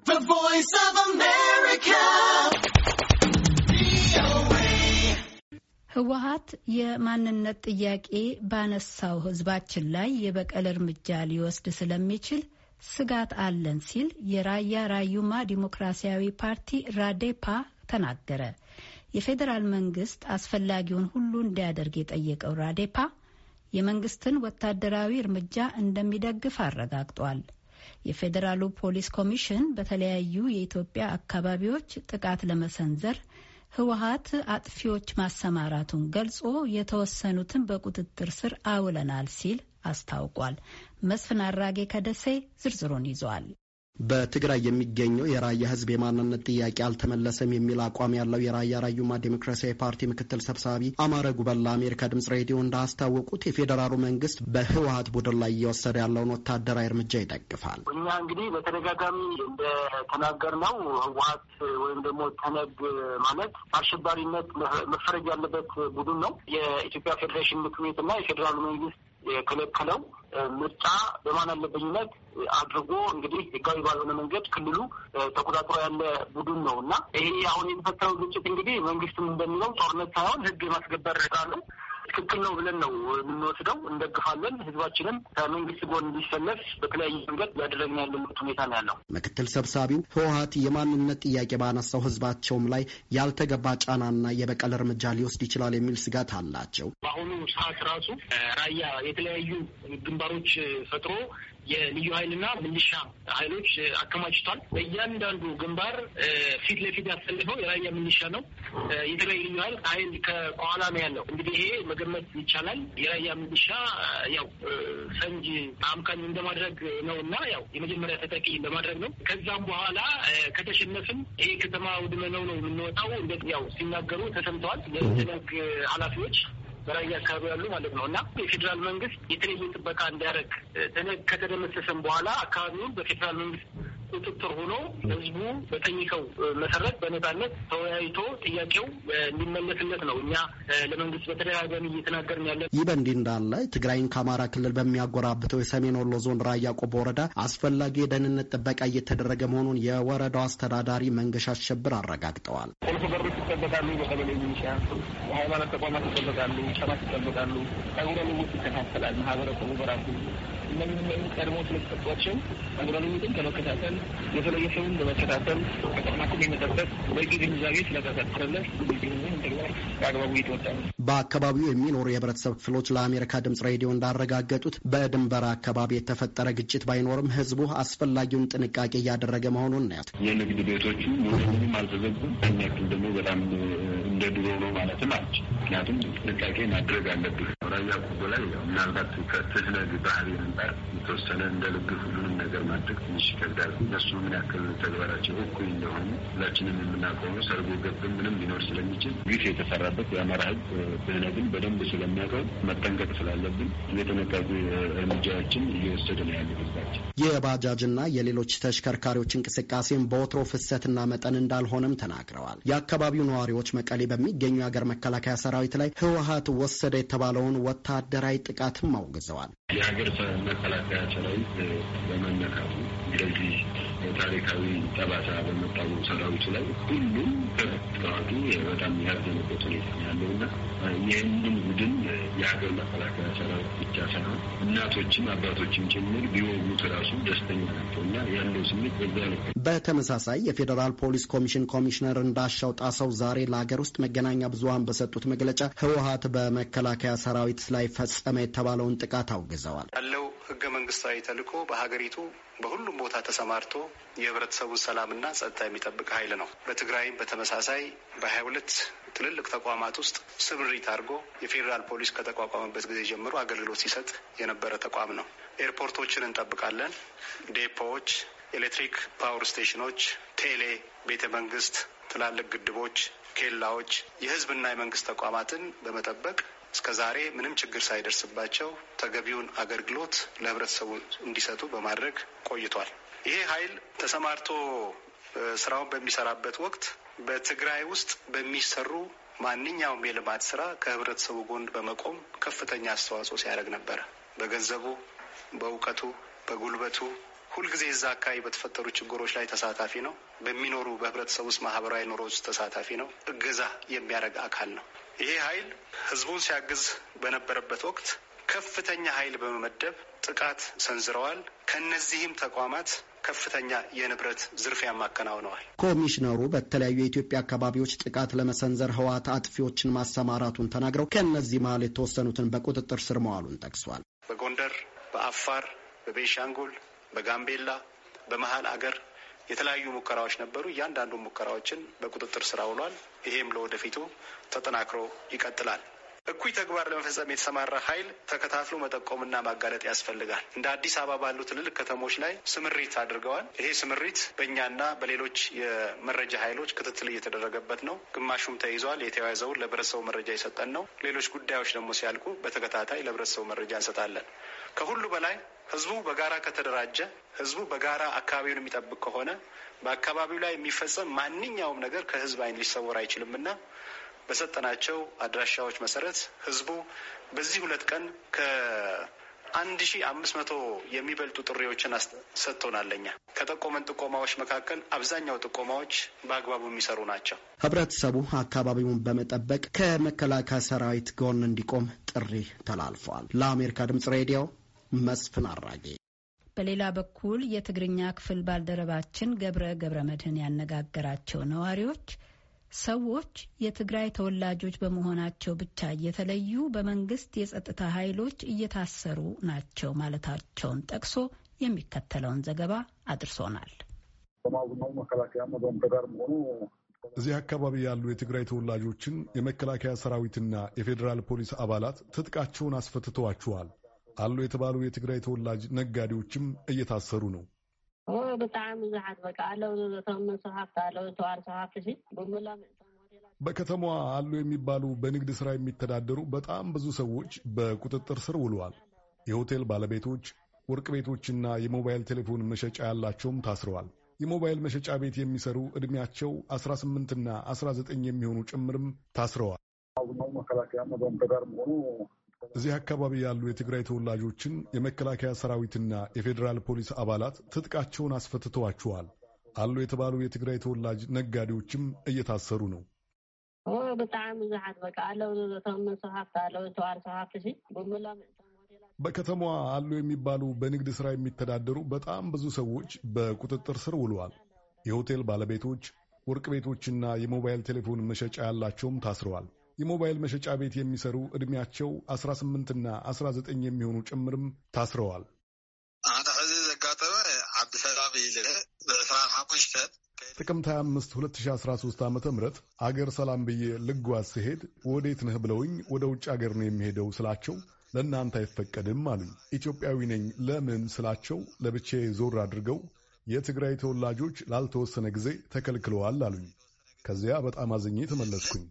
The Voice of America. ህወሀት የማንነት ጥያቄ ባነሳው ህዝባችን ላይ የበቀል እርምጃ ሊወስድ ስለሚችል ስጋት አለን ሲል የራያ ራዩማ ዲሞክራሲያዊ ፓርቲ ራዴፓ ተናገረ። የፌዴራል መንግስት አስፈላጊውን ሁሉ እንዲያደርግ የጠየቀው ራዴፓ የመንግስትን ወታደራዊ እርምጃ እንደሚደግፍ አረጋግጧል። የፌዴራሉ ፖሊስ ኮሚሽን በተለያዩ የኢትዮጵያ አካባቢዎች ጥቃት ለመሰንዘር ህወሀት አጥፊዎች ማሰማራቱን ገልጾ የተወሰኑትን በቁጥጥር ስር አውለናል ሲል አስታውቋል። መስፍን አራጌ ከደሴ ዝርዝሩን ይዟል። በትግራይ የሚገኘው የራያ ህዝብ የማንነት ጥያቄ አልተመለሰም የሚል አቋም ያለው የራያ ራዩማ ዴሞክራሲያዊ ፓርቲ ምክትል ሰብሳቢ አማረ ጉበላ ለአሜሪካ ድምጽ ሬዲዮ እንዳስታወቁት የፌዴራሉ መንግስት በህወሀት ቡድን ላይ እየወሰደ ያለውን ወታደራዊ እርምጃ ይደግፋል። እኛ እንግዲህ በተደጋጋሚ ነው ህወሀት ወይም ደግሞ ተነግ ማለት አሸባሪነት መፈረጅ ያለበት ቡድን ነው። የኢትዮጵያ ፌዴሬሽን ምክር ቤትና የፌዴራሉ መንግስት የከለከለው ምርጫ በማን አለብኝነት አድርጎ እንግዲህ ህጋዊ ባልሆነ መንገድ ክልሉ ተቆጣጥሮ ያለ ቡድን ነው እና ይሄ አሁን የተፈጠረው ግጭት እንግዲህ መንግስትም እንደሚለው ጦርነት ሳይሆን ህግ የማስገበር ነው። ትክክል ነው ብለን ነው የምንወስደው። እንደግፋለን። ህዝባችንም ከመንግስት ጎን እንዲሰለፍ በተለያየ መንገድ እያደረግን ያለበት ሁኔታ ነው ያለው። ምክትል ሰብሳቢው ህወሀት የማንነት ጥያቄ ባነሳው ህዝባቸውም ላይ ያልተገባ ጫናና የበቀል እርምጃ ሊወስድ ይችላል የሚል ስጋት አላቸው። በአሁኑ ሰዓት ራሱ ራያ የተለያዩ ግንባሮች ፈጥሮ የልዩ ኃይልና ምንሻ ኃይሎች አከማችቷል። በእያንዳንዱ ግንባር ፊት ለፊት ያሰልፈው የራያ ምንሻ ነው። የትግራይ ልዩ ኃይል ኃይል ከኋላ ነው ያለው። እንግዲህ ይሄ መገመት ይቻላል። የራያ ምንሻ ያው ፈንጅ አምካኝ እንደማድረግ ነው እና ያው የመጀመሪያ ተጠቂ ለማድረግ ነው። ከዛም በኋላ ከተሸነፍን ይሄ ከተማ ውድመ ነው ነው የምንወጣው ያው ሲናገሩ ተሰምተዋል። የደግ ኃላፊዎች በራያ አካባቢ ያሉ ማለት ነው እና የፌዴራል መንግስት የተለየ ጥበቃ እንዲያደርግ ከተደመሰሰም በኋላ አካባቢውን በፌዴራል መንግስት ቁጥጥር ሆኖ ህዝቡ በጠይቀው መሰረት በነፃነት ተወያይቶ ጥያቄው እንዲመለስለት ነው እኛ ለመንግስት በተደጋጋሚ እየተናገርን ያለ። ይህ በእንዲህ እንዳለ ትግራይን ከአማራ ክልል በሚያጎራብተው የሰሜን ወሎ ዞን ራያ ቆቦ ወረዳ አስፈላጊ የደህንነት ጥበቃ እየተደረገ መሆኑን የወረዳው አስተዳዳሪ መንገሻ አሸብር አረጋግጠዋል። ቁልፍ በሮች ይጠበቃሉ፣ በቀበሌ ሚኒሻ፣ የሃይማኖት ተቋማት ይጠበቃሉ፣ ሰባት ይጠበቃሉ፣ ጠጉረ ልውጥ ይከታተላል። ማህበረሰቡ በራሱ እነዚህ ቀድሞ ስለተሰጧቸው ጠጉረ ልውጥን ከመከታተል የተለየ ሰውን በመከታተል ተቋማትን የመጠበቅ በቂ ግንዛቤ ስለተፈጠረለ በአግባቡ እየተወጣ ነው። በአካባቢው የሚኖሩ የህብረተሰብ ክፍሎች ለአሜሪካ ድምጽ ሬዲዮ እንዳረጋገጡት በድንበር አካባቢ የተፈጠረ ግጭት ባይኖርም ህዝቡ አስፈላጊውን ጥንቃቄ እያደረገ መሆኑን ነው። የንግድ ቤቶቹ ሁሉም አልተዘጉም። ያክል ደግሞ በጣም እንደ ድሮ ነው ማለትም አች ምክንያቱም ጥንቃቄ ማድረግ አለብህ ላያ ኮጎ ላይ ያው ምናልባት ከትህነግ ባህሪ አንጻር የተወሰነ እንደ ልብ ሁሉንም ነገር ማድረግ ትንሽ ይከብዳል። እነሱ ምን ያክል ተግባራቸው እኩል እንደሆኑ ሁላችንም የምናውቀው ነው። ሰርጎ ገብም ምንም ሊኖር ስለሚችል ግፍ የተሰራበት የአማራ ሕዝብ ትህነግን በደንብ ስለሚያውቀው መጠንቀቅ ስላለብን የተነቃቁ እርምጃዎችን እየወሰደ ነው ያለ ሕዝባችን። የባጃጅና የሌሎች ተሽከርካሪዎች እንቅስቃሴም በወትሮ ፍሰትና መጠን እንዳልሆነም ተናግረዋል። የአካባቢው ነዋሪዎች መቀሌ በሚገኙ የሀገር መከላከያ ሰራዊት ላይ ህወሀት ወሰደ የተባለውን ወታደራዊ ጥቃትም አውግዘዋል። የሀገር መከላከያ ሰራዊት በመነካቱ እንደዚህ ታሪካዊ ጠባሳ በመጣሙ ሰራዊት ላይ ሁሉም ጥቃቱ በጣም ያዘነበት ሁኔታ ያለውና ይህንን ቡድን የሀገር መከላከያ ሰራዊት ብቻ ሳይሆን እናቶችም አባቶችም ጭምር ቢወጉት ራሱ ደስተኛ ናቸው እና ያለው ስሜት በዛ ነው። በተመሳሳይ የፌዴራል ፖሊስ ኮሚሽን ኮሚሽነር እንዳሻው ጣሰው ዛሬ ለሀገር ውስጥ መገናኛ ብዙሀን በሰጡት መግለጫ ህወሀት በመከላከያ ሰራዊት ሰራዊት ላይ ፈጸመ የተባለውን ጥቃት አውግዘዋል። ያለው ህገ መንግስታዊ ተልኮ በሀገሪቱ በሁሉም ቦታ ተሰማርቶ የህብረተሰቡን ሰላምና ጸጥታ የሚጠብቅ ኃይል ነው። በትግራይም በተመሳሳይ በሀያ ሁለት ትልልቅ ተቋማት ውስጥ ስምሪት አድርጎ የፌዴራል ፖሊስ ከተቋቋመበት ጊዜ ጀምሮ አገልግሎት ሲሰጥ የነበረ ተቋም ነው። ኤርፖርቶችን እንጠብቃለን፣ ዴፖዎች፣ ኤሌክትሪክ ፓወር ስቴሽኖች፣ ቴሌ፣ ቤተ መንግስት፣ ትላልቅ ግድቦች፣ ኬላዎች፣ የህዝብና የመንግስት ተቋማትን በመጠበቅ እስከዛሬ ምንም ችግር ሳይደርስባቸው ተገቢውን አገልግሎት ለህብረተሰቡ እንዲሰጡ በማድረግ ቆይቷል። ይሄ ኃይል ተሰማርቶ ስራውን በሚሰራበት ወቅት በትግራይ ውስጥ በሚሰሩ ማንኛውም የልማት ስራ ከህብረተሰቡ ጎን በመቆም ከፍተኛ አስተዋጽኦ ሲያደርግ ነበረ። በገንዘቡ፣ በእውቀቱ፣ በጉልበቱ ሁልጊዜ እዛ አካባቢ በተፈጠሩ ችግሮች ላይ ተሳታፊ ነው። በሚኖሩ በህብረተሰብ ውስጥ ማህበራዊ ኑሮ ውስጥ ተሳታፊ ነው። እገዛ የሚያደርግ አካል ነው። ይሄ ኃይል ህዝቡን ሲያግዝ በነበረበት ወቅት ከፍተኛ ኃይል በመመደብ ጥቃት ሰንዝረዋል። ከነዚህም ተቋማት ከፍተኛ የንብረት ዝርፊያ ማከናውነዋል። ኮሚሽነሩ በተለያዩ የኢትዮጵያ አካባቢዎች ጥቃት ለመሰንዘር ህወሓት አጥፊዎችን ማሰማራቱን ተናግረው ከእነዚህ መሀል የተወሰኑትን በቁጥጥር ስር መዋሉን ጠቅሷል። በጎንደር፣ በአፋር፣ በቤንሻንጉል፣ በጋምቤላ በመሀል አገር የተለያዩ ሙከራዎች ነበሩ። እያንዳንዱ ሙከራዎችን በቁጥጥር ስራ ውሏል። ይሄም ለወደፊቱ ተጠናክሮ ይቀጥላል። እኩይ ተግባር ለመፈጸም የተሰማራ ኃይል ተከታትሎ መጠቆምና ማጋለጥ ያስፈልጋል። እንደ አዲስ አበባ ባሉ ትልልቅ ከተሞች ላይ ስምሪት አድርገዋል። ይሄ ስምሪት በእኛና በሌሎች የመረጃ ኃይሎች ክትትል እየተደረገበት ነው። ግማሹም ተይዟል። የተያዘውን ለህብረተሰቡ መረጃ የሰጠን ነው። ሌሎች ጉዳዮች ደግሞ ሲያልቁ በተከታታይ ለህብረተሰቡ መረጃ እንሰጣለን። ከሁሉ በላይ ህዝቡ በጋራ ከተደራጀ፣ ህዝቡ በጋራ አካባቢውን የሚጠብቅ ከሆነ በአካባቢው ላይ የሚፈጸም ማንኛውም ነገር ከህዝብ አይን ሊሰወር አይችልም እና በሰጠናቸው አድራሻዎች መሰረት ህዝቡ በዚህ ሁለት ቀን ከአንድ ሺ አምስት መቶ የሚበልጡ ጥሪዎችን ሰጥቶናለኛ። ከጠቆመን ጥቆማዎች መካከል አብዛኛው ጥቆማዎች በአግባቡ የሚሰሩ ናቸው። ህብረተሰቡ አካባቢውን በመጠበቅ ከመከላከያ ሰራዊት ጎን እንዲቆም ጥሪ ተላልፏል። ለአሜሪካ ድምጽ ሬዲዮ መስፍን አራጌ። በሌላ በኩል የትግርኛ ክፍል ባልደረባችን ገብረ ገብረ መድህን ያነጋገራቸው ነዋሪዎች ሰዎች የትግራይ ተወላጆች በመሆናቸው ብቻ እየተለዩ በመንግስት የጸጥታ ኃይሎች እየታሰሩ ናቸው ማለታቸውን ጠቅሶ የሚከተለውን ዘገባ አድርሶናል። እዚህ አካባቢ ያሉ የትግራይ ተወላጆችን የመከላከያ ሰራዊትና የፌዴራል ፖሊስ አባላት ትጥቃቸውን አስፈትተዋቸዋል። አሉ የተባሉ የትግራይ ተወላጅ ነጋዴዎችም እየታሰሩ ነው። ብጣዕሚ ብዙሓት በቃ ኣለው ኣለው በከተማዋ አሉ የሚባሉ በንግድ ስራ የሚተዳደሩ በጣም ብዙ ሰዎች በቁጥጥር ስር ውለዋል። የሆቴል ባለቤቶች፣ ወርቅ ቤቶችና የሞባይል ቴሌፎን መሸጫ ያላቸውም ታስረዋል። የሞባይል መሸጫ ቤት የሚሰሩ ዕድሜያቸው 18ና 19 የሚሆኑ ጭምርም ታስረዋል። መከላከያና መሆኑ እዚህ አካባቢ ያሉ የትግራይ ተወላጆችን የመከላከያ ሰራዊትና የፌዴራል ፖሊስ አባላት ትጥቃቸውን አስፈትተዋቸዋል። አሉ የተባሉ የትግራይ ተወላጅ ነጋዴዎችም እየታሰሩ ነው። ብዙሓት በቃ በከተማዋ አሉ የሚባሉ በንግድ ስራ የሚተዳደሩ በጣም ብዙ ሰዎች በቁጥጥር ስር ውለዋል። የሆቴል ባለቤቶች፣ ወርቅ ቤቶችና የሞባይል ቴሌፎን መሸጫ ያላቸውም ታስረዋል። የሞባይል መሸጫ ቤት የሚሰሩ ዕድሜያቸው 18ና 19 የሚሆኑ ጭምርም ታስረዋል። ጥቅምት 25 2013 ዓ ም አገር ሰላም ብዬ ልጓዝ ስሄድ ወዴት ነህ ብለውኝ ወደ ውጭ አገር ነው የሚሄደው ስላቸው ለእናንተ አይፈቀድም አሉኝ። ኢትዮጵያዊ ነኝ ለምን ስላቸው ለብቼ ዞር አድርገው የትግራይ ተወላጆች ላልተወሰነ ጊዜ ተከልክለዋል አሉኝ። ከዚያ በጣም አዝኜ ተመለስኩኝ።